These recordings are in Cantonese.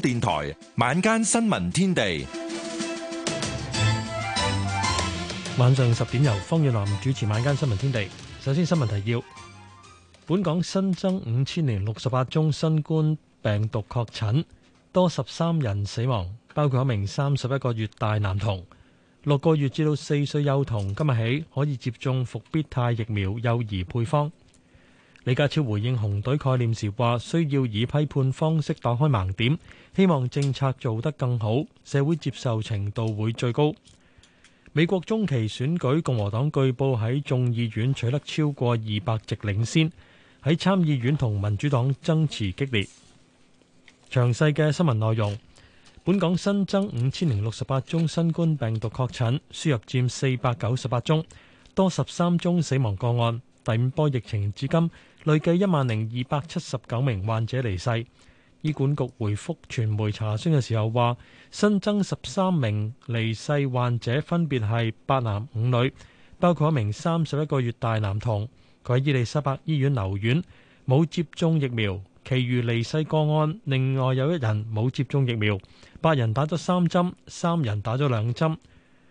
電台晚間新聞天地，晚上十點由方遠林主持晚間新聞天地。首先新聞提要：，本港新增五千零六十八宗新冠病毒確診，多十三人死亡，包括一名三十一個月大男童。六個月至到四歲幼童今日起可以接種復必泰疫苗幼兒配方。李家超回應紅隊概念時話，需要以批判方式打開盲點，希望政策做得更好，社會接受程度會最高。美國中期選舉，共和黨據報喺眾議院取得超過二百席領先，喺參議院同民主黨爭持激烈。詳細嘅新聞內容，本港新增五千零六十八宗新冠病毒確診，輸入佔四百九十八宗，多十三宗死亡個案。第五波疫情至今。累計一萬零二百七十九名患者離世。醫管局回覆傳媒查詢嘅時候話，新增十三名離世患者分別係八男五女，包括一名三十一個月大男童，佢喺伊利沙伯醫院留院，冇接種疫苗。其餘離世個案，另外有一人冇接種疫苗，八人打咗三針，三人打咗兩針。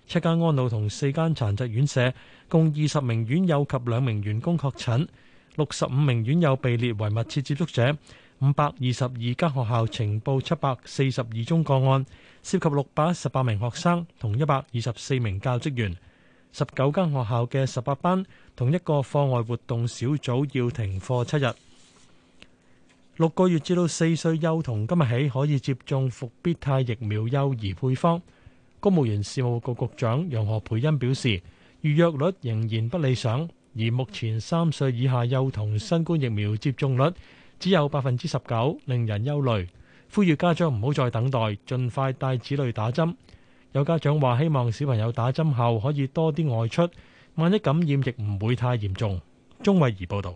七間安老同四間殘疾院舍共二十名院友及兩名員工確診。六十五名院友被列為密切接觸者，五百二十二間學校呈報七百四十二宗個案，涉及六百一十八名學生同一百二十四名教職員。十九間學校嘅十八班同一個課外活動小組要停課七日。六個月至到四歲幼童今日起可以接種復必泰疫苗幼兒配方。公務員事務局局長楊何蓓茵表示，預約率仍然不理想。而目前三歲以下幼童新冠疫苗接種率只有百分之十九，令人憂慮。呼籲家長唔好再等待，盡快帶子女打針。有家長話：希望小朋友打針後可以多啲外出，萬一感染亦唔會太嚴重。鍾慧儀報導。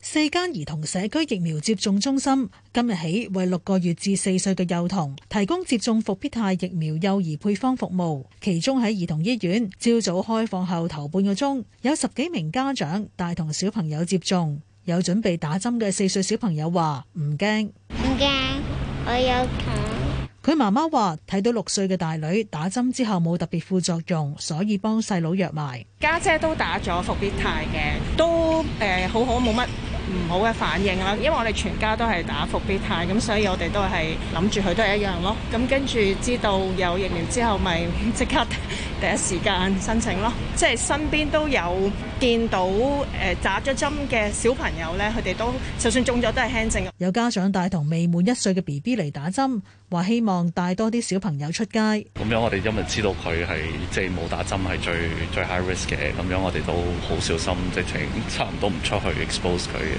四間兒童社區疫苗接種中心今日起為六個月至四歲嘅幼童提供接種復必泰疫苗幼兒配方服務，其中喺兒童醫院朝早開放後頭半個鐘，有十幾名家長帶同小朋友接種。有準備打針嘅四歲小朋友話唔驚、唔驚，我有糖。佢媽媽話睇到六歲嘅大女打針之後冇特別副作用，所以幫細佬約埋。家姐都打咗復必泰嘅，都誒好好，冇乜。唔好嘅反應啦，因為我哋全家都係打復必泰，咁所以我哋都係諗住佢都係一樣咯。咁跟住知道有疫苗之後，咪即刻第一時間申請咯。即係身邊都有見到誒打咗針嘅小朋友咧，佢哋都就算中咗都係輕症。有家長帶同未滿一歲嘅 BB 嚟打針，話希望帶多啲小朋友出街。咁樣我哋因為知道佢係即係冇打針係最最 high risk 嘅，咁樣我哋都好小心，即係差唔多唔出去 expose 佢。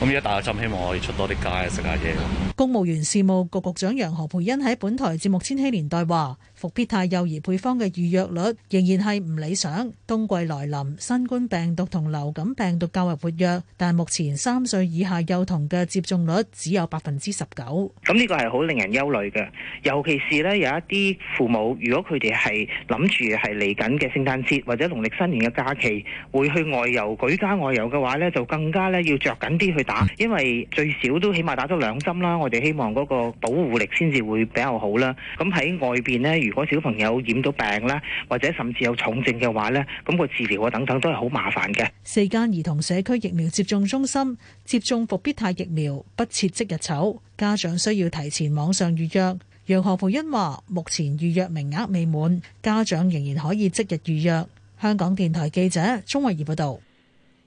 咁而家大家就希望可以出多啲街，食下嘢。公務員事務局局長楊何蓓茵喺本台節目《千禧年代》話。復必泰幼兒配方嘅預約率仍然係唔理想。冬季來臨，新冠病毒同流感病毒較為活躍，但目前三歲以下幼童嘅接種率只有百分之十九。咁呢個係好令人憂慮嘅，尤其是咧有一啲父母，如果佢哋係諗住係嚟緊嘅聖誕節或者農曆新年嘅假期會去外遊、舉家外遊嘅話咧，就更加咧要著緊啲去打，因為最少都起碼打咗兩針啦。我哋希望嗰個保護力先至會比較好啦。咁喺外邊咧。如果小朋友染到病啦，或者甚至有重症嘅話咧，咁個治療啊等等都係好麻煩嘅。四間兒童社區疫苗接種中心接種復必泰疫苗不設即日籌，家長需要提前網上預約。楊何蓓茵話：目前預約名額未滿，家長仍然可以即日預約。香港電台記者鍾慧儀報道。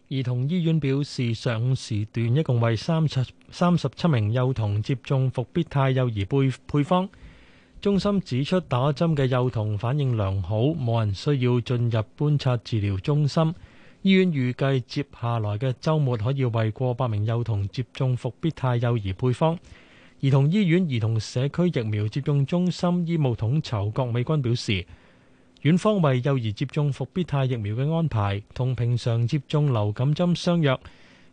兒童醫院表示，上午時段一共為三十三十七名幼童接種復必泰幼兒配配方。中心指出，打針嘅幼童反應良好，冇人需要進入觀察治療中心。醫院預計接下來嘅週末可以為過百名幼童接種復必泰幼兒配方。兒童醫院兒童社區疫苗接種中心醫務統籌郭美君表示，院方為幼兒接種復必泰疫苗嘅安排同平常接種流感針相若，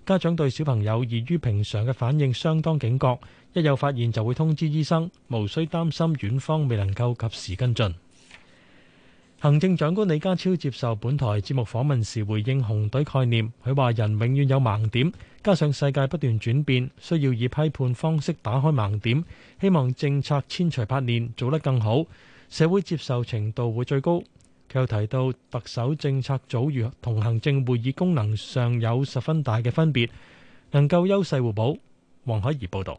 家長對小朋友異於平常嘅反應相當警覺。一有發現就會通知醫生，無需擔心院方未能夠及時跟進。行政長官李家超接受本台節目訪問時，回應紅隊概念。佢話：人永遠有盲點，加上世界不斷轉變，需要以批判方式打開盲點。希望政策千錘百煉做得更好，社會接受程度會最高。佢又提到特首政策組與同行政會議功能上有十分大嘅分別，能夠優勢互補。黃海怡報導。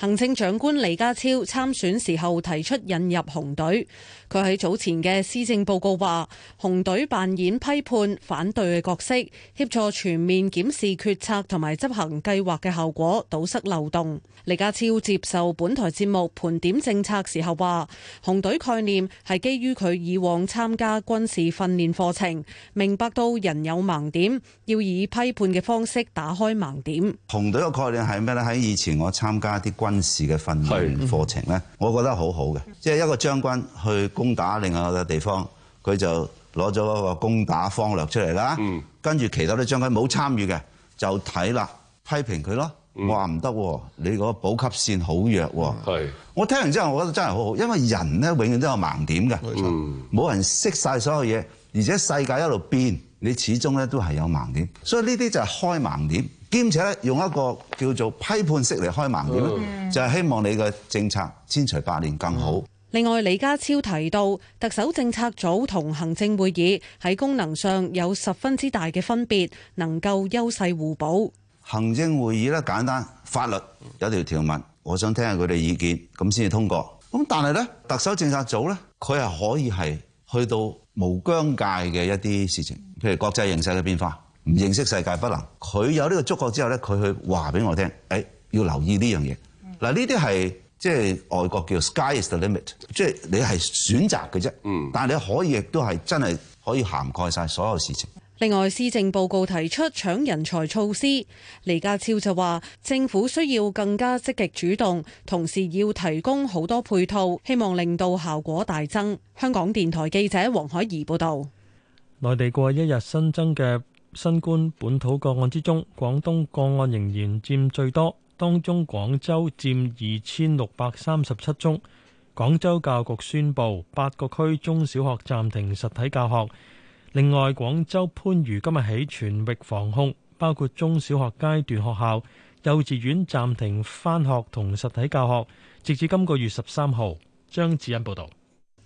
行政長官李家超參選時候提出引入紅隊，佢喺早前嘅施政報告話，紅隊扮演批判、反對嘅角色，協助全面檢視決策同埋執行計劃嘅效果，堵塞漏洞。李家超接受本台節目盤點政策時候話，紅隊概念係基於佢以往參加軍事訓練課程，明白到人有盲點，要以批判嘅方式打開盲點。紅隊嘅概念係咩呢？喺以前我參加啲軍事嘅訓練課程咧，的嗯、我覺得好好嘅，即係一個將軍去攻打另外一個地方，佢就攞咗個攻打方略出嚟啦。跟住、嗯、其他啲將軍冇參與嘅，就睇啦，批評佢咯，話唔得喎，你個補給線好弱喎。的嗯、我聽完之後，我覺得真係好好，因為人咧永遠都有盲點嘅，冇沒錯、嗯、人識晒所有嘢，而且世界一路變，你始終咧都係有盲點，所以呢啲就係開盲點。兼且用一個叫做批判式嚟開盲點咧，就係希望你嘅政策千錘百煉更好。另外，李家超提到，特首政策組同行政會議喺功能上有十分之大嘅分別，能夠優勢互補。行政會議咧簡單，法律有條條文，我想聽下佢哋意見，咁先至通過。咁但係咧，特首政策組咧，佢係可以係去到無疆界嘅一啲事情，譬如國際形勢嘅變化。唔認識世界，不能佢有呢個觸覺。之後呢，佢去話俾我聽，誒、哎、要留意呢樣嘢嗱。呢啲係即係外國叫 sky is the limit，即係你係選擇嘅啫。嗯，但係你可以亦都係真係可以涵蓋晒所有事情。另外，施政報告提出搶人才措施，李家超就話：政府需要更加積極主動，同時要提供好多配套，希望令到效果大增。香港電台記者黃海怡報道。內地過一日新增嘅。新冠本土個案之中，廣東個案仍然佔最多，當中廣州佔二千六百三十七宗。廣州教育局宣布，八個區中小學暫停實體教學。另外，廣州番禺今日起全域防控，包括中小學階段學校、幼稚園暫停翻學同實體教學，直至今個月十三號。張子恩報導。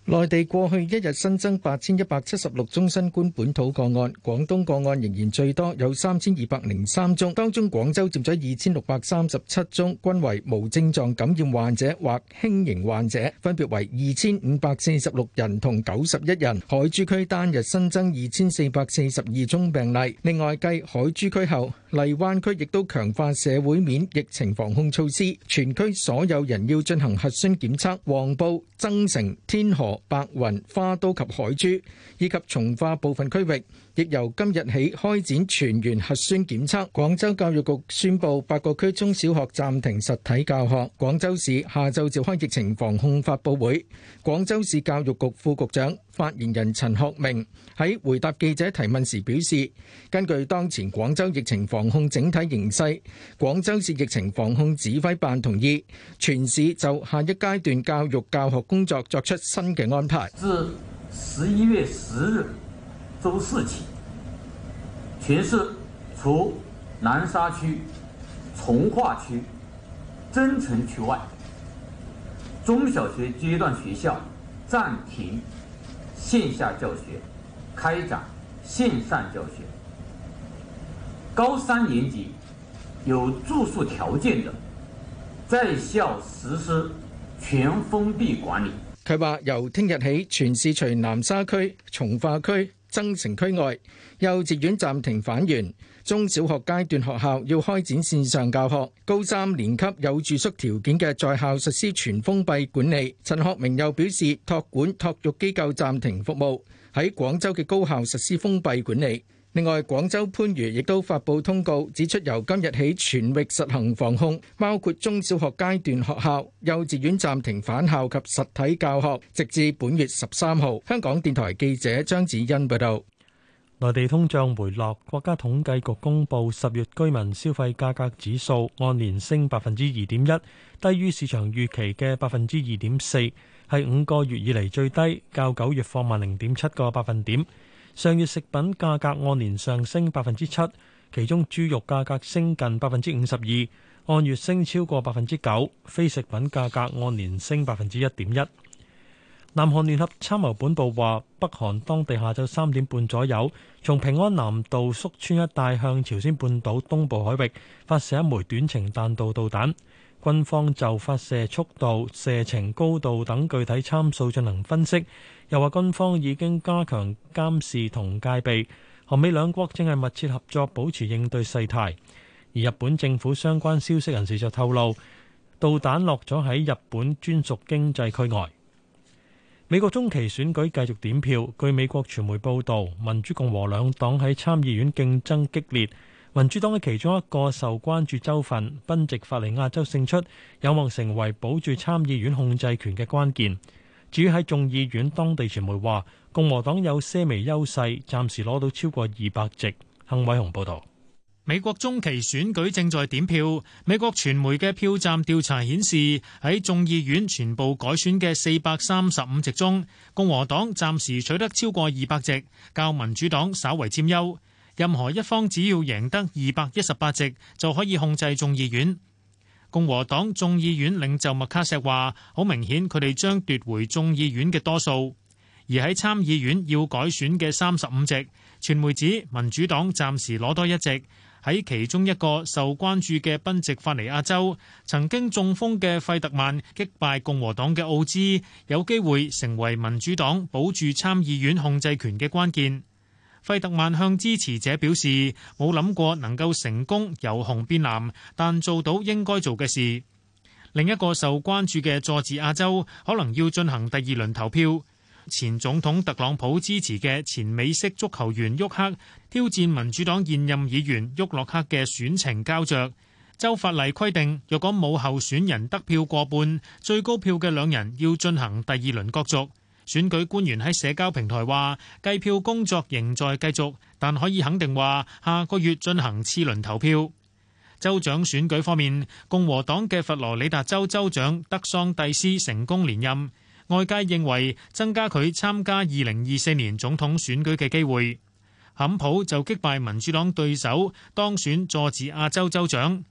內地過去一日新增八千一百七十六宗新冠本土個案，廣東個案仍然最多，有三千二百零三宗，當中廣州佔咗二千六百三十七宗，均為無症狀感染患者或輕型患者，分別為二千五百四十六人同九十一人。海珠區單日新增二千四百四十二宗病例，另外繼海珠區後。荔灣區亦都強化社會面疫情防控措施，全區所有人要進行核酸檢測，黃埔、增城、天河、白雲、花都及海珠以及從化部分區域，.亦由今日起開展全員核酸檢測。廣州教育局宣布，八個區中小學暫停實體教學。廣州市下晝召開疫情防控發布會，廣州市教育局副局長發言人陳學明喺回答記者提問時表示：根據當前廣州疫情防控整體形勢，廣州市疫情防控指揮辦同意全市就下一階段教育教學工作作出新嘅安排。自十一月十日。周四起，全市除南沙區、從化區、增城區外，中小學階段學校暫停線下教學，開展線上教學。高三年級有住宿條件的，在校實施全封閉管理。佢話由聽日起，全市除南沙區、從化區。增城區外，幼稚園暫停返園，中小學階段學校要開展線上教學，高三年級有住宿條件嘅在校實施全封閉管理。陳學明又表示，托管、托育機構暫停服務，喺廣州嘅高校實施封閉管理。另外，廣州番禺亦都發布通告，指出由今日起全域實行防控，包括中小學階段學校、幼稚園暫停返校及實體教學，直至本月十三號。香港電台記者張子欣報道。內地通脹回落，國家統計局公布十月居民消費價格指數按年升百分之二點一，低於市場預期嘅百分之二點四，係五個月以嚟最低，較九月放慢零點七個百分點。上月食品價格按年上升百分之七，其中豬肉價格升近百分之五十二，按月升超過百分之九。非食品價格按年升百分之一點一。南韓聯合參謀本部話，北韓當地下晝三點半左右，從平安南道宿川一帶向朝鮮半島東部海域發射一枚短程彈道導彈。軍方就發射速度、射程、高度等具體參數進行分析，又話軍方已經加強監視同戒備。韓美兩國正係密切合作，保持應對勢態。而日本政府相關消息人士就透露，導彈落咗喺日本專屬經濟區外。美國中期選舉繼續點票，據美國傳媒報導，民主共和兩黨喺參議院競爭激烈。民主黨嘅其中一個受關注州份賓夕法尼亞州勝出，有望成為保住參議院控制權嘅關鍵。至於喺眾議院，當地傳媒話共和黨有些微優勢，暫時攞到超過二百席。幸偉雄報導。美國中期選舉正在點票，美國傳媒嘅票站調查顯示，喺眾議院全部改選嘅四百三十五席中，共和黨暫時取得超過二百席，較民主黨稍為佔優。任何一方只要贏得二百一十八席就可以控制眾議院。共和黨眾議院領袖麥卡錫話，好明顯佢哋將奪回眾議院嘅多數。而喺參議院要改選嘅三十五席，傳媒指民主黨暫時攞多一席。喺其中一個受關注嘅賓夕法尼亞州，曾經中風嘅費特曼擊敗共和黨嘅奧茲，有機會成為民主黨保住參議院控制權嘅關鍵。費特曼向支持者表示，冇諗過能夠成功由紅變藍，但做到應該做嘅事。另一個受關注嘅佐治亞州可能要進行第二輪投票。前總統特朗普支持嘅前美式足球員沃克挑戰民主黨現任議員沃洛克嘅選情膠着。州法例規定，若果冇候選人得票過半，最高票嘅兩人要進行第二輪角逐。選舉官員喺社交平台話，計票工作仍在繼續，但可以肯定話，下個月進行次輪投票。州長選舉方面，共和黨嘅佛羅里達州州長德桑蒂斯成功連任，外界認為增加佢參加二零二四年總統選舉嘅機會。坎普就擊敗民主黨對手，當選佐治亞州州長。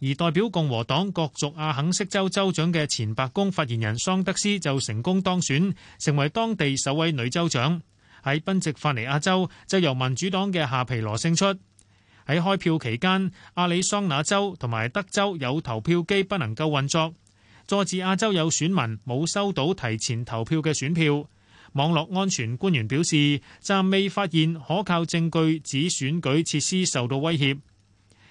而代表共和黨、角逐阿肯色州州長嘅前白宮發言人桑德斯就成功當選，成為當地首位女州長。喺賓夕法尼亞州，就由民主黨嘅夏皮羅勝出。喺開票期間，阿里桑那州同埋德州有投票機不能夠運作，佐治亞州有選民冇收到提前投票嘅選票。網絡安全官員表示，暫未發現可靠證據指選舉設施受到威脅。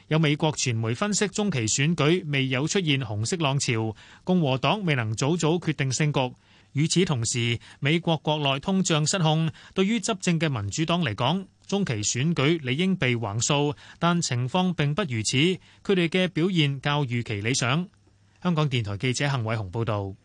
有美國傳媒分析，中期選舉未有出現紅色浪潮，共和黨未能早早決定勝局。與此同時，美國國內通脹失控，對於執政嘅民主黨嚟講，中期選舉理應被橫掃，但情況並不如此。佢哋嘅表現較預期理想。香港電台記者幸偉雄報導。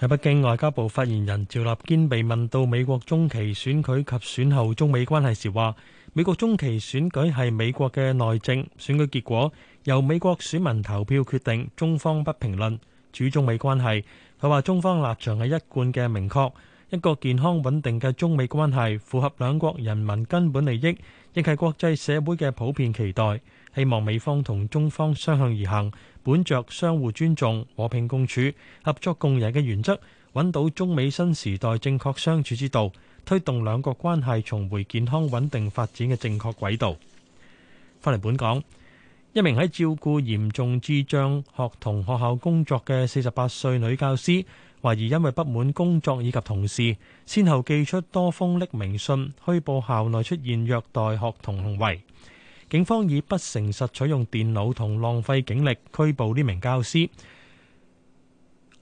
喺北京，外交部發言人趙立堅被問到美國中期選舉及選後中美關係時話。美國中期選舉係美國嘅內政，選舉結果由美國選民投票決定。中方不評論。至於中美關係，佢話：中方立場係一貫嘅明確，一個健康穩定嘅中美關係符合兩國人民根本利益，亦係國際社會嘅普遍期待。希望美方同中方相向而行，本着相互尊重、和平共處、合作共贏嘅原則，揾到中美新時代正確相處之道。推動兩國關係重回健康穩定發展嘅正確軌道。翻嚟本港，一名喺照顧嚴重智障學童學校工作嘅四十八歲女教師，懷疑因為不滿工作以及同事，先後寄出多封匿名信，虛報校內出現虐待學童行為。警方以不誠實取用電腦同浪費警力，拘捕呢名教師。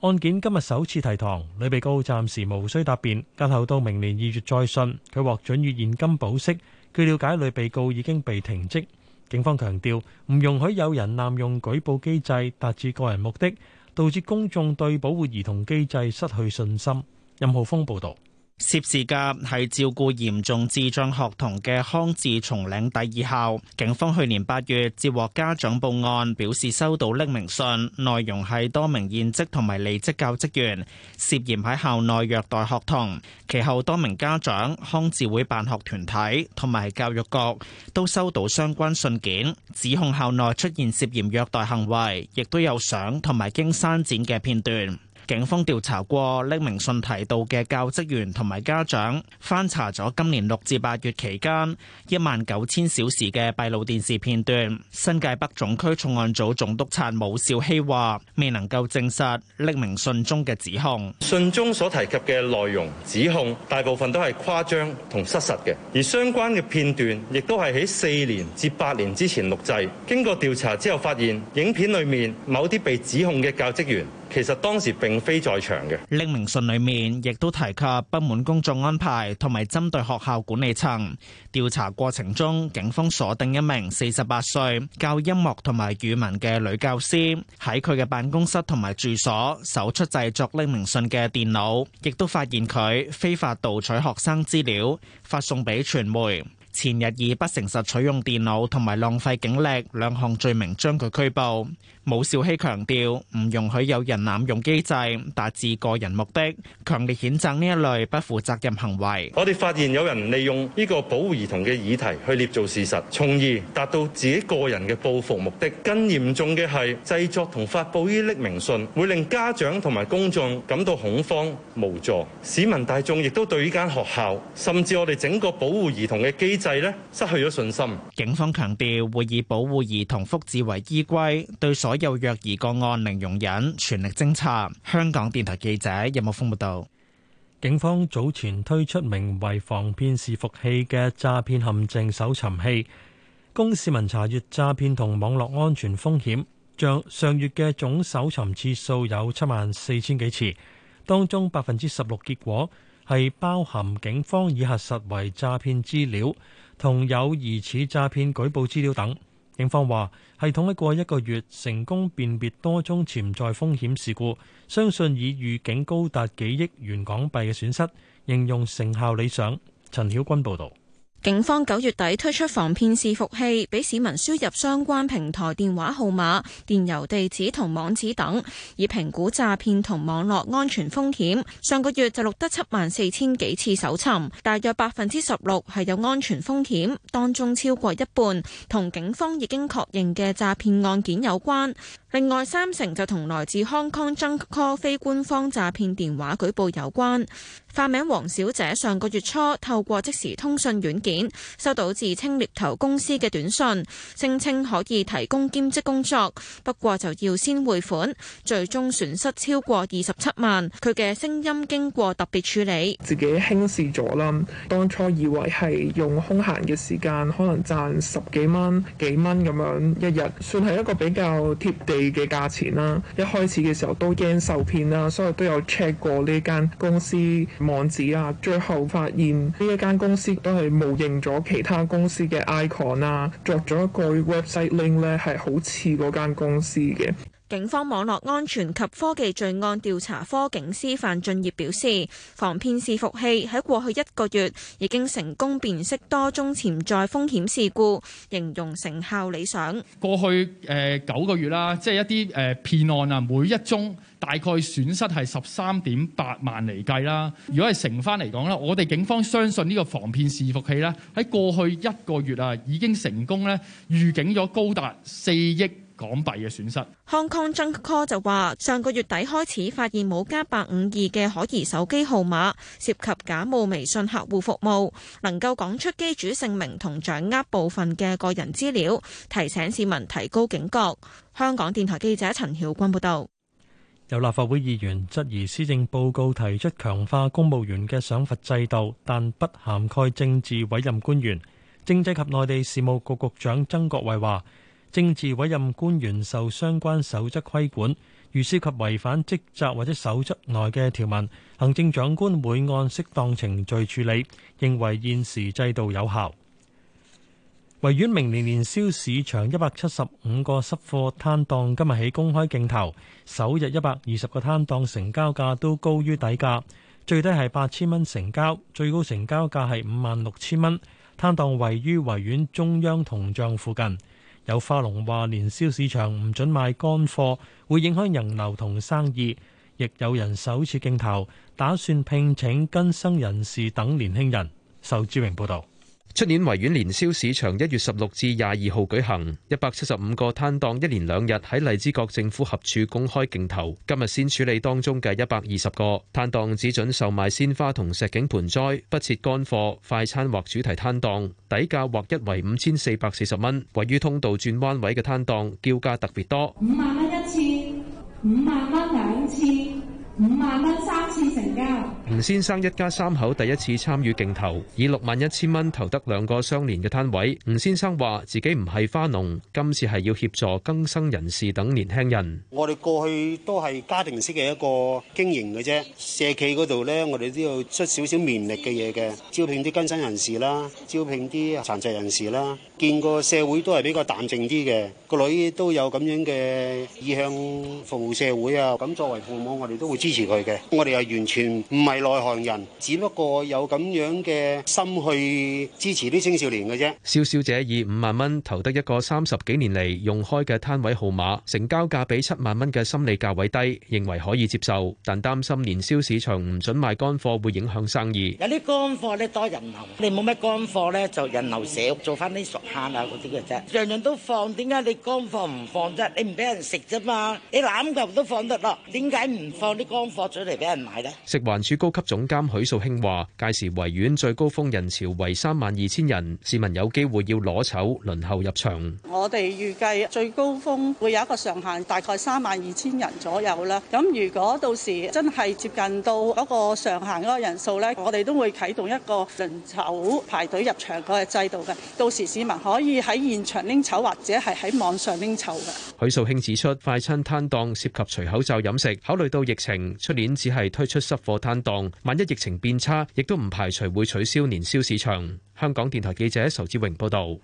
案件今日首次提堂，女被告暫時無需答辯，押後到明年二月再訊，佢獲准予現金保釋，據了解女被告已經被停職。警方強調，唔容許有人濫用舉報機制，達至個人目的，導致公眾對保護兒童機制失去信心。任浩峰報導。涉事甲係照顧嚴重智障學童嘅康智松嶺第二校，警方去年八月接獲家長報案，表示收到匿名信，內容係多名現職同埋離職教職員涉嫌喺校內虐待學童。其後，多名家長、康智會辦學團體同埋教育局都收到相關信件，指控校內出現涉嫌虐待行為，亦都有相同埋經刪剪嘅片段。警方調查過匿名信提到嘅教職員同埋家長，翻查咗今年六至八月期間一萬九千小時嘅閉路電視片段。新界北總區重案組總督察武少希話，未能夠證實匿名信中嘅指控，信中所提及嘅內容指控大部分都係誇張同失實嘅，而相關嘅片段亦都係喺四年至八年之前錄製。經過調查之後，發現影片裏面某啲被指控嘅教職員。其實當時並非在場嘅。匿名信裏面亦都提及不滿工作安排同埋針對學校管理層。調查過程中，警方鎖定一名四十八歲教音樂同埋語文嘅女教師，喺佢嘅辦公室同埋住所搜出製作匿名信嘅電腦，亦都發現佢非法盜取學生資料發送俾傳媒。前日以不誠實取用電腦同埋浪費警力兩項罪名將佢拘捕。武少禧強調唔容許有人濫用機制，達至個人目的，強烈譴責呢一類不負責任行為。我哋發現有人利用呢個保護兒童嘅議題去捏造事實，從而達到自己個人嘅報復目的。更嚴重嘅係製作同發布呢匿名信，會令家長同埋公眾感到恐慌無助。市民大眾亦都對呢間學校，甚至我哋整個保護兒童嘅機制呢，失去咗信心。警方強調會以保護兒童福祉為依歸，對所有弱疑個案零容忍，全力偵查。香港電台記者任木峰報道。警方早前推出名為防騙視伏器嘅詐騙陷阱搜尋器，供市民查閱詐騙同網絡安全風險。將上月嘅總搜尋次數有七萬四千幾次，當中百分之十六結果係包含警方已核實為詐騙資料同有疑似詐騙舉報資料等。警方話，系統喺過一個月成功辨別多宗潛在風險事故，相信以預警高達幾億元港幣嘅損失，應用成效理想。陳曉君報導。警方九月底推出防騙視伺服器，俾市民輸入相關平台電話號碼、電郵地址同網址等，以評估詐騙同網絡安全風險。上個月就錄得七萬四千幾次搜尋，大約百分之十六係有安全風險，當中超過一半，同警方已經確認嘅詐騙案件有關。另外三成就同來自康康增 c a 非官方詐騙電話舉報有關，化名黃小姐上個月初透過即時通訊軟件收到自稱獵頭公司嘅短信，聲稱可以提供兼職工作，不過就要先匯款。最終損失超過二十七萬，佢嘅聲音經過特別處理，自己輕視咗啦。當初以為係用空閒嘅時間可能賺十幾蚊、幾蚊咁樣一日，算係一個比較貼地。嘅價錢啦，一開始嘅時候都驚受騙啦，所以都有 check 過呢間公司網址啊。最後發現呢一間公司都係冒認咗其他公司嘅 icon 啊，作咗一個 website link 咧係好似嗰間公司嘅。警方網絡安全及科技罪案調查科警司范俊業表示，防騙伺服器喺過去一個月已經成功辨識多宗潛在風險事故，形容成效理想。過去誒、呃、九個月啦，即係一啲誒騙案啊，每一宗大概損失係十三點八萬嚟計啦。如果係乘翻嚟講啦，我哋警方相信呢個防騙伺服器咧，喺過去一個月啊，已經成功咧預警咗高達四億。港幣嘅損失。Hong Kong Junk Call 就話：上個月底開始發現冇加八五二嘅可疑手機號碼，涉及假冒微信客戶服務，能夠講出機主姓名同掌握部分嘅個人資料，提醒市民提高警覺。香港電台記者陳曉君報道。有立法會議員質疑施政報告提出強化公務員嘅賞罰制度，但不涵蓋政治委任官員。政制及內地事務局局長曾國衛話。政治委任官員受相關守則規管，如涉及違反職責或者守則內嘅條文，行政長官會按適當程序處理。認為現時制度有效。維園明年年宵市場一百七十五個濕貨攤檔，今日起公開競投，首日一百二十個攤檔成交價都高於底價，最低係八千蚊成交，最高成交價係五萬六千蚊。攤檔位於維園中央銅像附近。有花農話，年宵市場唔准賣乾貨，會影響人流同生意。亦有人首次競投，打算聘請更生人士等年輕人。仇志榮報道。出年維園年宵市場一月十六至廿二號舉行，一百七十五個攤檔一連兩日喺荔枝角政府合署公開競投。今日先處理當中嘅一百二十個攤檔，攤檔只准售賣鮮花同石景盆栽，不設乾貨、快餐或主題攤檔。底價或一為五千四百四十蚊。位於通道轉彎位嘅攤檔叫價特別多，五萬蚊一次，五萬蚊。五萬蚊三次成交。吳先生一家三口第一次參與競投，以六萬一千蚊投得兩個相連嘅攤位。吳先生話：自己唔係花農，今次係要協助更生人士等年輕人。我哋過去都係家庭式嘅一個經營嘅啫。社企嗰度咧，我哋都要出少少綿力嘅嘢嘅，招聘啲更生人士啦，招聘啲殘疾人士啦。見個社會都係比較淡靜啲嘅，個女都有咁樣嘅意向服務社會啊。咁作為父母，我哋都會知。支持佢嘅，我哋又完全唔係內行人，只不過有咁樣嘅心去支持啲青少年嘅啫。蕭小姐以五萬蚊投得一個三十幾年嚟用開嘅攤位號碼，成交價比七萬蚊嘅心理價位低，認為可以接受，但擔心年宵市場唔準賣乾貨會影響生意。有啲乾貨咧多人流，你冇咩乾貨咧就人流少，做翻啲熟蝦啊嗰啲嘅啫。樣樣都放，點解你乾貨唔放啫？你唔俾人食啫嘛？你攬頭都放得啦，點解唔放啲乾貨？當貨咗嚟俾人買咧。食環署高級總監許素卿話，屆時維園最高峰人潮為三萬二千人，市民有機會要攞籌輪候入場。我哋預計最高峰會有一個上限，大概三萬二千人左右啦。咁如果到時真係接近到嗰個上限嗰個人數咧，我哋都會啟動一個輪籌排隊入場嘅制度嘅。到時市民可以喺現場拎籌，或者係喺網上拎籌嘅。許素卿指出，快餐攤檔涉及隨口罩飲食，考慮到疫情。出年只係推出濕貨攤檔，萬一疫情變差，亦都唔排除會取消年宵市場。香港電台記者仇志榮報道，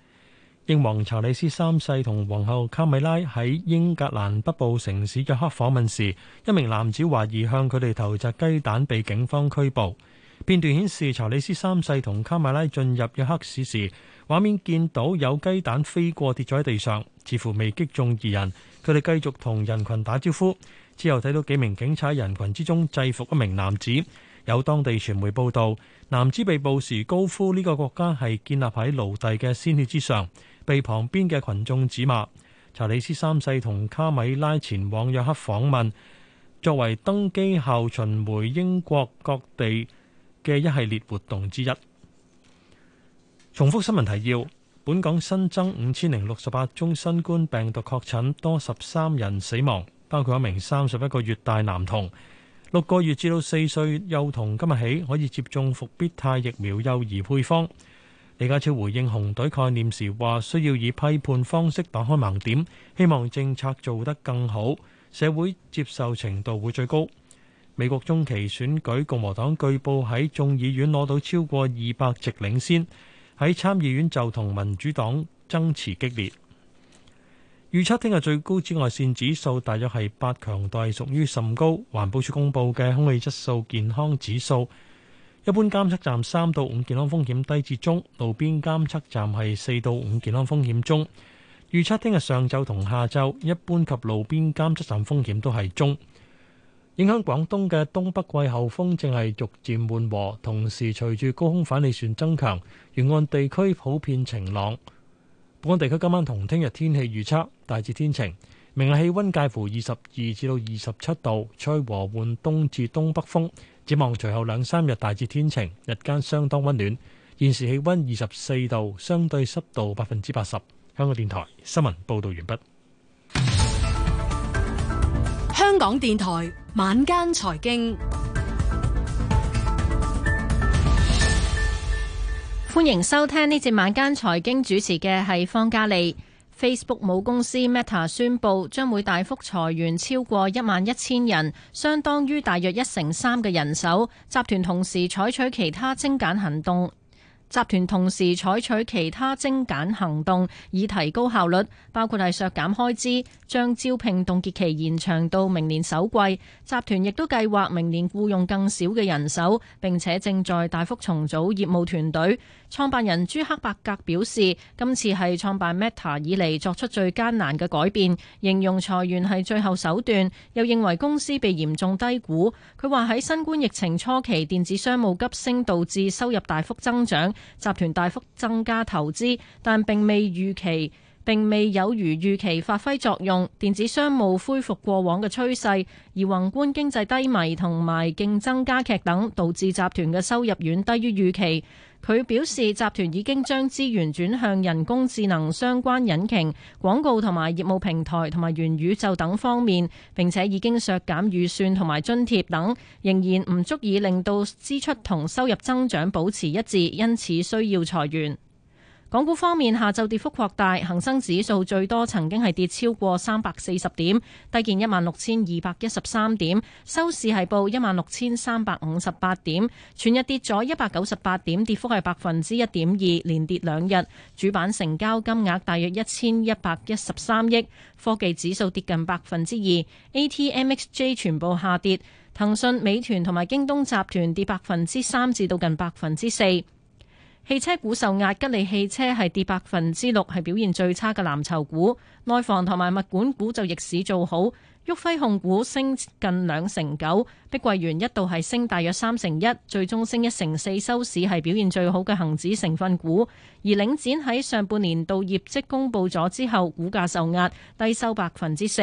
英皇查理斯三世同皇后卡米拉喺英格蘭北部城市約克訪問時，一名男子懷疑向佢哋投擲雞蛋，被警方拘捕。片段顯示查理斯三世同卡米拉進入約克市時，畫面見到有雞蛋飛過跌咗喺地上，似乎未擊中二人。佢哋繼續同人群打招呼。之後睇到幾名警察人群之中制服一名男子，有當地傳媒報導，男子被捕時高呼呢個國家係建立喺奴隸嘅鮮血之上，被旁邊嘅群眾指罵。查理斯三世同卡米拉前往約克訪問，作為登基後巡迴英國各地嘅一系列活動之一。重複新聞提要：本港新增五千零六十八宗新冠病毒確診，多十三人死亡。包括一名三十一個月大男童，六個月至到四歲幼童今日起可以接種復必泰疫苗幼兒配方。李家超回應紅隊概念時話，需要以批判方式打開盲點，希望政策做得更好，社會接受程度會最高。美國中期選舉共和黨據報喺眾議院攞到超過二百席領先，喺參議院就同民主黨爭持激烈。預測聽日最高紫外線指數大約係八，強度屬於甚高。環保署公布嘅空氣質素健康指數，一般監測站三到五健康風險低至中，路邊監測站係四到五健康風險中。預測聽日上晝同下晝，一般及路邊監測站風險都係中。影響廣東嘅東北季候風正係逐漸緩和，同時隨住高空反氣旋增強，沿岸地區普遍晴朗。本港地區今晚同聽日天氣預測，大致天晴，明日氣溫介乎二十二至到二十七度，吹和緩東至東北風。展望隨後兩三日大致天晴，日間相當溫暖。現時氣溫二十四度，相對濕度百分之八十。香港電台新聞報道完畢。香港電台晚間財經。歡迎收聽呢節晚間財經主持，嘅係方嘉利。Facebook 母公司 Meta 宣布，將會大幅裁員超過一萬一千人，相當於大約一成三嘅人手。集團同時採取其他精簡行動。集團同時採取其他精簡行動以提高效率，包括係削減開支，將招聘凍結期延長到明年首季。集團亦都計劃明年僱傭更少嘅人手，並且正在大幅重組業務團隊。創辦人朱克伯格表示，今次係創辦 Meta 以嚟作出最艱難嘅改變，形容裁員係最後手段，又認為公司被嚴重低估。佢話喺新冠疫情初期，電子商務急升，導致收入大幅增長。集團大幅增加投資，但並未預期。並未有如預期發揮作用，電子商務恢復過往嘅趨勢，而宏觀經濟低迷同埋競爭加劇等，導致集團嘅收入遠低於預期。佢表示，集團已經將資源轉向人工智能相關引擎、廣告同埋業務平台同埋元宇宙等方面，並且已經削減預算同埋津貼等，仍然唔足以令到支出同收入增長保持一致，因此需要裁員。港股方面，下晝跌幅擴大，恒生指數最多曾經係跌超過三百四十點，低見一萬六千二百一十三點，收市係報一萬六千三百五十八點，全日跌咗一百九十八點，跌幅係百分之一點二，連跌兩日。主板成交金額大約一千一百一十三億，科技指數跌近百分之二，ATMXJ 全部下跌，騰訊、美團同埋京東集團跌百分之三至到近百分之四。汽車股受壓，吉利汽車係跌百分之六，係表現最差嘅藍籌股。內房同埋物管股就逆市做好，旭輝控股升近兩成九，碧桂園一度係升大約三成一，最終升一成四收市，係表現最好嘅恒指成分股。而領展喺上半年度業績公布咗之後，股價受壓，低收百分之四。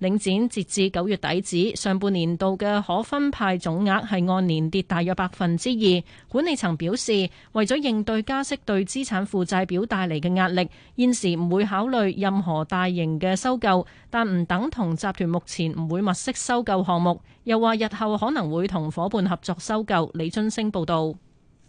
領展截至九月底止上半年度嘅可分派總額係按年跌大約百分之二。管理層表示，為咗應對加息對資產負債表帶嚟嘅壓力，現時唔會考慮任何大型嘅收購，但唔等同集團目前唔會物色收購項目。又話日後可能會同伙伴合作收購。李津升報導。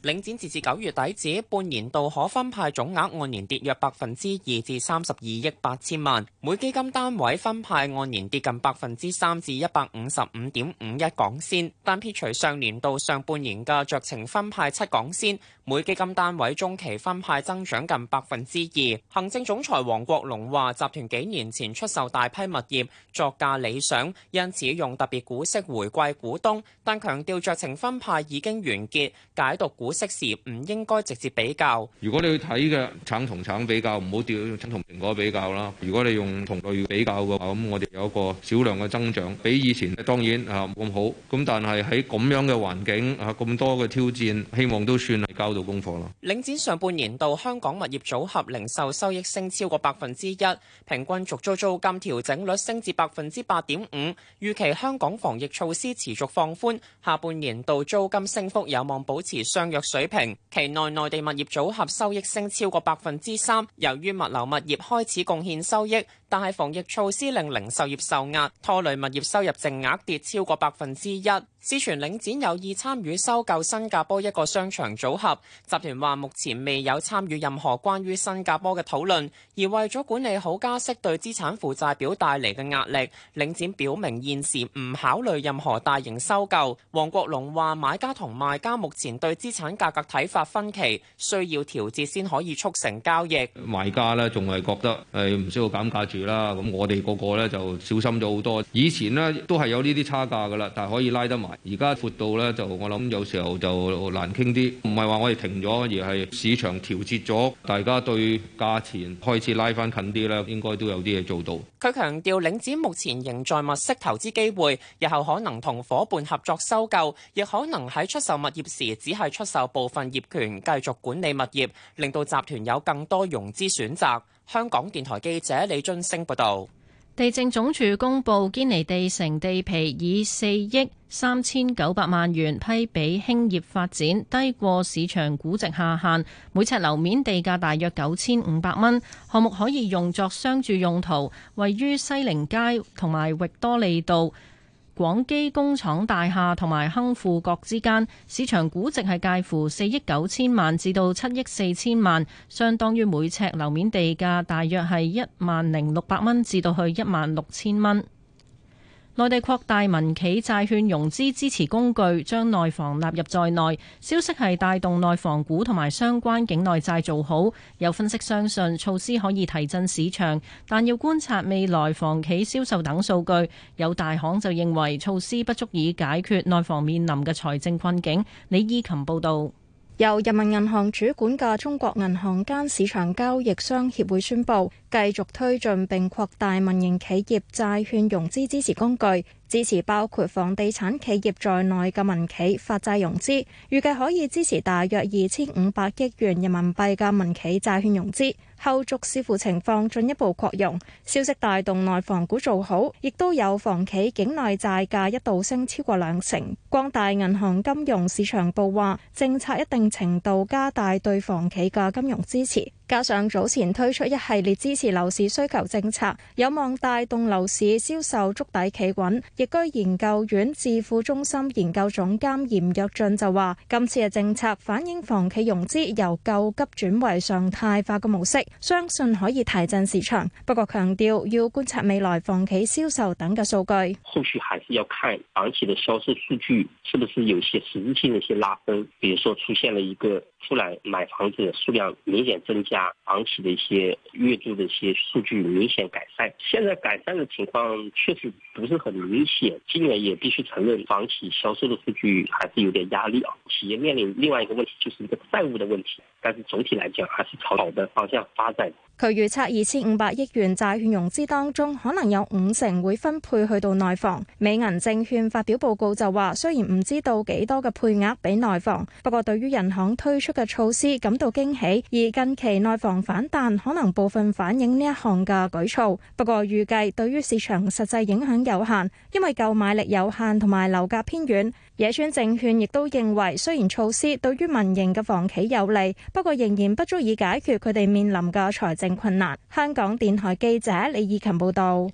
領展截至九月底止，半年度可分派總額按年跌約百分之二至三十二億八千萬，每基金單位分派按年跌近百分之三至一百五十五點五一港仙，但撇除上年度上半年嘅酌情分派七港仙，每基金單位中期分派增長近百分之二。行政總裁王國龍話：集團幾年前出售大批物業作價理想，因此用特別股息回饋股東，但強調酌情分派已經完結，解讀股。適時唔應該直接比較。如果你去睇嘅橙同橙比較，唔好掉用橙同蘋果比較啦。如果你用同類比較嘅話，咁我哋有一個少量嘅增長，比以前當然啊冇咁好。咁但係喺咁樣嘅環境啊，咁多嘅挑戰，希望都算。交到功課咯。領展上半年度香港物業組合零售收益升超過百分之一，平均續租租金調整率升至百分之八點五。預期香港防疫措施持續放寬，下半年度租金升幅有望保持相若水平。期內內地物業組合收益升超過百分之三，由於物流物業開始貢獻收益。但係防疫措施令零售業受壓，拖累物業收入淨額跌超過百分之一。之前領展有意參與收購新加坡一個商場組合，集團話目前未有參與任何關於新加坡嘅討論，而為咗管理好加息對資產負債表帶嚟嘅壓力，領展表明現時唔考慮任何大型收購。王國龍話買家同賣家目前對資產價格睇法分歧，需要調節先可以促成交易。買家呢仲係覺得係唔需要減價。啦，咁我哋個個咧就小心咗好多。以前咧都係有呢啲差價噶啦，但係可以拉得埋。而家闊到咧就我諗有時候就難傾啲。唔係話我哋停咗，而係市場調節咗，大家對價錢開始拉翻近啲咧應該都有啲嘢做到。佢強調領展目前仍在物色投資機會，日後可能同伙伴合作收購，亦可能喺出售物業時只係出售部分業權，繼續管理物業，令到集團有更多融資選擇。香港電台記者李俊升報道，地政總署公布堅尼地城地皮以四億三千九百萬元批俾興業發展，低過市場估值下限，每尺樓面地價大約九千五百蚊。項目可以用作商住用途，位於西寧街同埋域多利道，廣基工廠大廈同埋亨富閣之間，市場估值係介乎四億九千萬至到七億四千萬，相當於每尺樓面地價大約係一萬零六百蚊至到去一萬六千蚊。內地擴大民企債券融資支持工具，將內房納入在內。消息係帶動內房股同埋相關境內債做好。有分析相信措施可以提振市場，但要觀察未來房企銷售等數據。有大行就認為措施不足以解決內房面臨嘅財政困境。李依琴報道，由人民銀行主管嘅中國銀行間市場交易商協會宣佈。繼續推進並擴大民營企業債券融資支持工具，支持包括房地產企業在內嘅民企發債融資，預計可以支持大約二千五百億元人民幣嘅民企債券融資，後續視乎情況進一步擴容。消息帶動內房股做好，亦都有房企境內債價一度升超過兩成。光大銀行金融市場部話，政策一定程度加大對房企嘅金融支持。加上早前推出一系列支持樓市需求政策，有望帶動樓市銷售築底企穩。易居研究院智庫中心研究總監嚴躍進就話今次嘅政策反映房企融資由救急轉為常態化嘅模式，相信可以提振市場，不過強調要觀察未來房企銷售等嘅數據，後續還是要看房企嘅銷售數據，是不是有些實質性嘅一些拉昇，比如說出現了一個出來買房子嘅數量明顯增加。房企的一些月度的一些數據明顯改善，現在改善的情況確實不是很明顯。今年也必須承認，房企銷售的數據還是有點壓力啊。企業面臨另外一個問題，就是一個債務的問題。但是總體來講，還是朝好的方向發展。佢預測二千五百億元債券融資當中，可能有五成會分配去到內房。美銀證券發表報告就話，雖然唔知道幾多嘅配額俾內房，不過對於人行推出嘅措施感到驚喜，而近期。內房反彈可能部分反映呢一項嘅舉措，不過預計對於市場實際影響有限，因為購買力有限同埋樓價偏軟，野村證券亦都認為雖然措施對於民營嘅房企有利，不過仍然不足以解決佢哋面臨嘅財政困難，香港電台記者李以勤報道。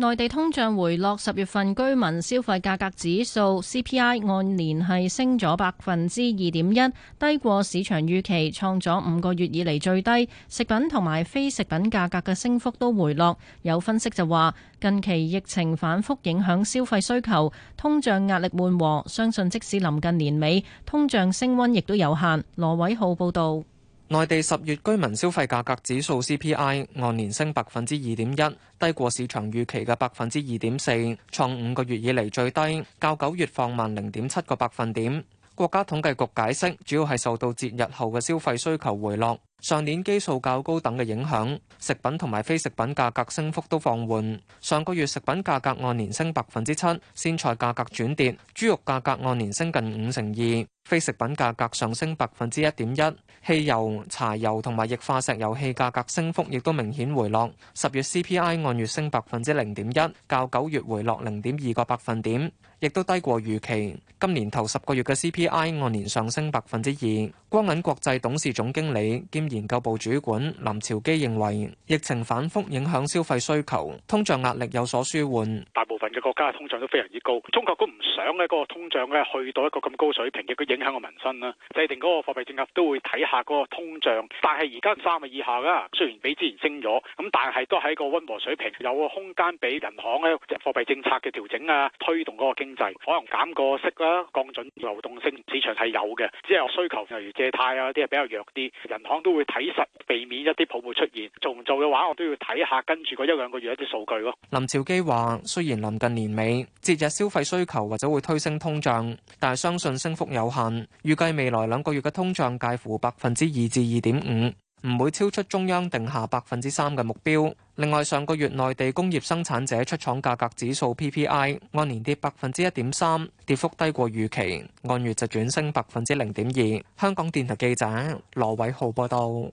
內地通脹回落，十月份居民消費價格指數 CPI 按年係升咗百分之二點一，低過市場預期，創咗五個月以嚟最低。食品同埋非食品價格嘅升幅都回落。有分析就話，近期疫情反覆影響消費需求，通脹壓力緩和，相信即使臨近年尾，通脹升溫亦都有限。羅偉浩報導。內地十月居民消費價格指數 CPI 按年升百分之二點一，低過市場預期嘅百分之二點四，創五個月以嚟最低，較九月放慢零點七個百分點。國家統計局解釋，主要係受到節日後嘅消費需求回落。上年基數較高等嘅影響，食品同埋非食品價格升幅都放緩。上個月食品價格按年升百分之七，鮮菜價格轉跌，豬肉價格按年升近五成二，非食品價格上升百分之一點一。汽油、柴油同埋液化石油氣價格升幅亦都明顯回落。十月 CPI 按月升百分之零點一，較九月回落零點二個百分點，亦都低過預期。今年頭十個月嘅 CPI 按年上升百分之二。光銀國際董事總經理兼研究部主管林朝基認為，疫情反覆影響消費需求，通脹壓力有所舒緩。大部分嘅國家通脹都非常之高，中國都唔想咧，嗰個通脹咧去到一個咁高水平，亦都影響個民生啦。制定嗰個貨幣政策都會睇下嗰個通脹，但係而家三以下啦，雖然比之前升咗，咁但係都係一個溫和水平，有個空間俾銀行咧，貨幣政策嘅調整啊，推動嗰個經濟，可能減個息啦，降準流動性市場係有嘅，只係需求例如借貸啊啲係比較弱啲，銀行都。會睇實，避免一啲泡沫出現。做唔做嘅話，我都要睇下跟住嗰一兩個月一啲數據咯。林兆基話，雖然臨近年尾，節日消費需求或者會推升通脹，但係相信升幅有限，預計未來兩個月嘅通脹介乎百分之二至二點五。唔會超出中央定下百分之三嘅目標。另外，上個月內地工業生產者出廠價格指數 PPI 按年跌百分之一點三，跌幅低過預期，按月就轉升百分之零點二。香港電台記者羅偉浩報道。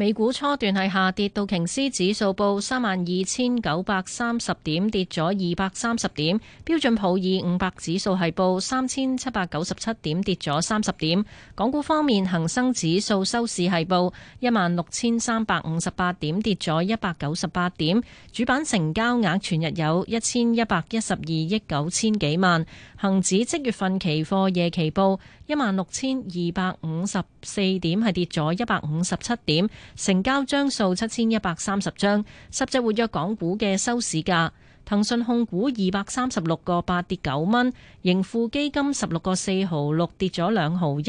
美股初段係下跌，道瓊斯指數報三萬二千九百三十點，跌咗二百三十點；標準普爾五百指數係報三千七百九十七點，跌咗三十點。港股方面，恒生指數收市係報一萬六千三百五十八點，跌咗一百九十八點。主板成交額全日有一千一百一十二億九千幾萬。恒指即月份期貨夜期報一萬六千二百五十四點，係跌咗一百五十七點。成交張數七千一百三十張，十隻活躍港股嘅收市價：騰訊控股二百三十六個八跌九蚊，盈富基金十六個四毫六跌咗兩毫一，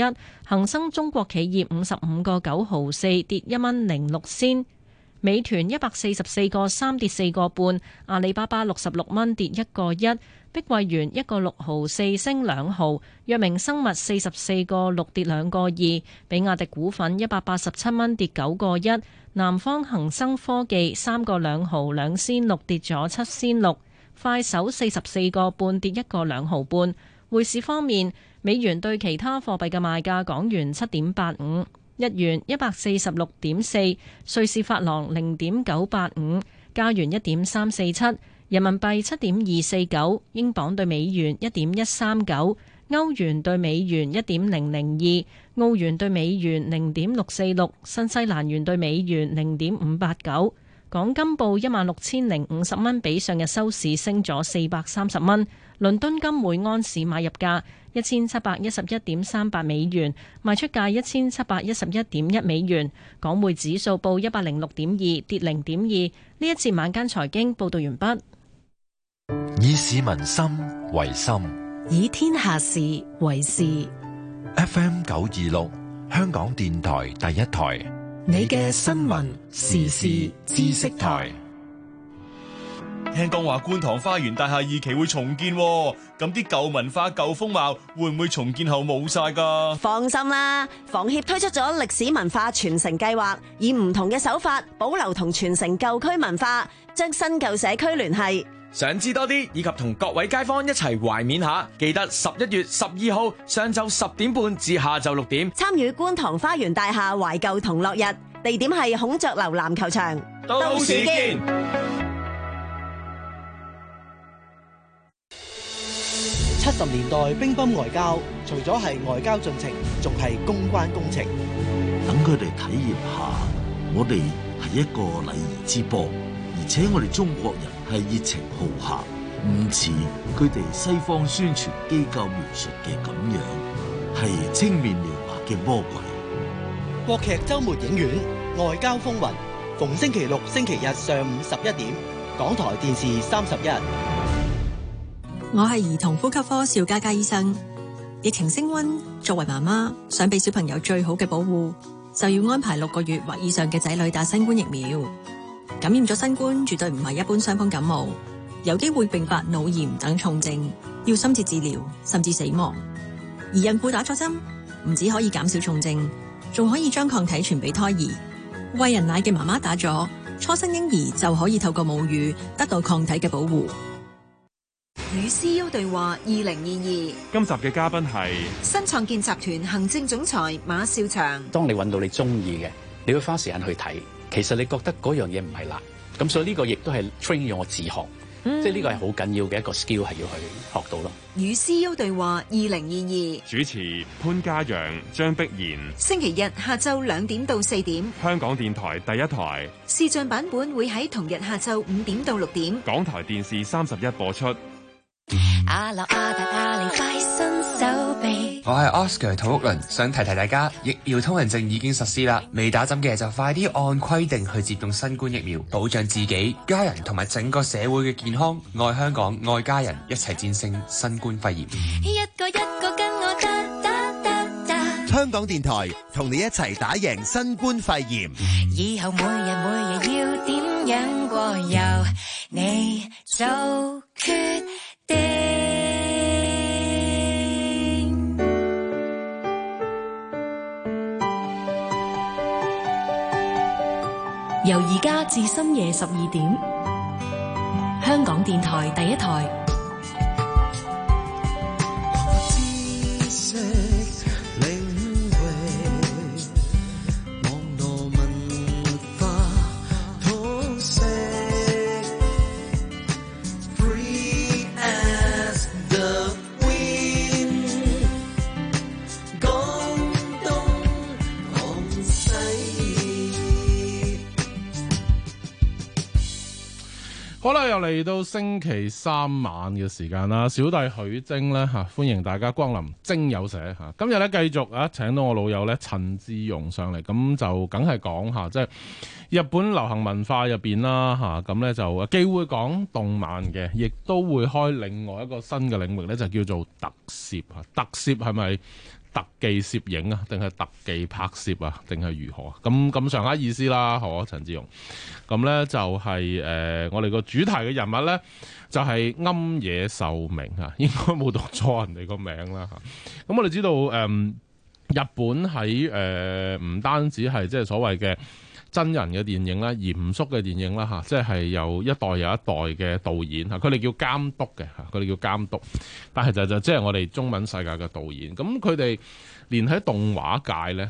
恒生中國企業五十五個九毫四跌一蚊零六仙。美團一百四十四個三跌四個半，阿里巴巴六十六蚊跌一個一，碧桂園一個六毫四升兩毫，藥明生物四十四個六跌兩個二，比亞迪股份一百八十七蚊跌九個一，南方恒生科技三個兩毫兩仙六跌咗七仙六，快手四十四個半跌一個兩毫半。匯市方面，美元對其他貨幣嘅賣價完，港元七點八五。日元一百四十六點四，瑞士法郎零點九八五，加元一點三四七，人民幣七點二四九，英鎊對美元一點一三九，歐元對美元一點零零二，澳元對美元零點六四六，新西蘭元對美元零點五八九。港金報一萬六千零五十蚊，比上日收市升咗四百三十蚊。倫敦金每盎司買入價。一千七百一十一點三八美元，賣出價一千七百一十一點一美元。港匯指數報一百零六點二，跌零點二。呢一次晚間財經報道完畢。以市民心為心，以天下事為事。FM 九二六，香港電台第一台，你嘅新聞時事知識台。聽講話觀塘花園大廈二期會重建，咁啲舊文化、舊風貌會唔會重建後冇晒㗎？放心啦，房協推出咗歷史文化傳承計劃，以唔同嘅手法保留同傳承舊區文化，將新舊社區聯繫。想知多啲，以及同各位街坊一齊懷緬下，記得十一月十二號上晝十點半至下晝六點，參與觀塘花園大廈懷舊同樂日，地點係孔雀樓籃球場。都市到時見。七十年代乒乓外交，除咗係外交進程，仲係公關工程。等佢哋體驗下，我哋係一個禮儀之邦，而且我哋中國人係熱情好客，唔似佢哋西方宣傳機構描述嘅咁樣，係青面獠牙嘅魔鬼。國劇周末影院《外交風雲》，逢星期六、星期日上午十一點，港台電視三十一。我係兒童呼吸科邵嘉嘉醫生。疫情升温，作為媽媽，想俾小朋友最好嘅保護，就要安排六個月或以上嘅仔女打新冠疫苗。感染咗新冠絕對唔係一般傷風感冒，有機會併發腦炎等重症，要深切治療，甚至死亡。而孕婦打咗針，唔止可以減少重症，仲可以將抗體傳俾胎兒。喂人奶嘅媽媽打咗，初生嬰兒就可以透過母乳得到抗體嘅保護。與 CEO 對話二零二二，今集嘅嘉賓係新創建集團行政總裁馬紹祥，祥。當你搵到你中意嘅，你會花時間去睇。其實你覺得嗰樣嘢唔係難，咁所以呢個亦都係 train 咗我自學，嗯、即係呢個係好緊要嘅一個 skill 係要去學到咯。與 CEO 對話二零二二，主持潘嘉陽、張璧賢。星期日下晝兩點到四點，香港電台第一台視像版本會喺同日下晝五點到六點，港台電視三十一播出。阿阿我係 Oscar 陶旭倫，想提提大家，疫苗通行證已經實施啦，未打針嘅就快啲按規定去接種新冠疫苗，保障自己、家人同埋整個社會嘅健康。愛香港，愛家人，一齊戰勝新冠肺炎。一個一個跟我得得得得。香港電台同你一齊打贏新冠肺炎。以後每日每日要點樣過由你做決。由而家至深夜十二點，香港電台第一台。嚟到星期三晚嘅時間啦，小弟許晶咧嚇，歡迎大家光臨精友社嚇。今日咧繼續啊，請到我老友咧陳志勇上嚟，咁就梗係講下，即係日本流行文化入邊啦嚇，咁咧就機會講動漫嘅，亦都會開另外一個新嘅領域咧，就叫做特攝嚇，特攝係咪？特技攝影啊，定係特技拍攝啊，定係如何啊？咁咁上下意思啦，好陳、就是呃，我陳志榮。咁咧就係誒，我哋個主題嘅人物咧就係、是、庵野秀明吓，應該冇讀錯人哋個名啦吓。咁我哋知道誒、呃，日本喺誒唔單止係即係所謂嘅。真人嘅電影啦，嚴肅嘅電影啦吓，即係有一代有一代嘅導演吓，佢哋叫監督嘅吓，佢哋叫監督，但係就就即係我哋中文世界嘅導演，咁佢哋連喺動畫界咧。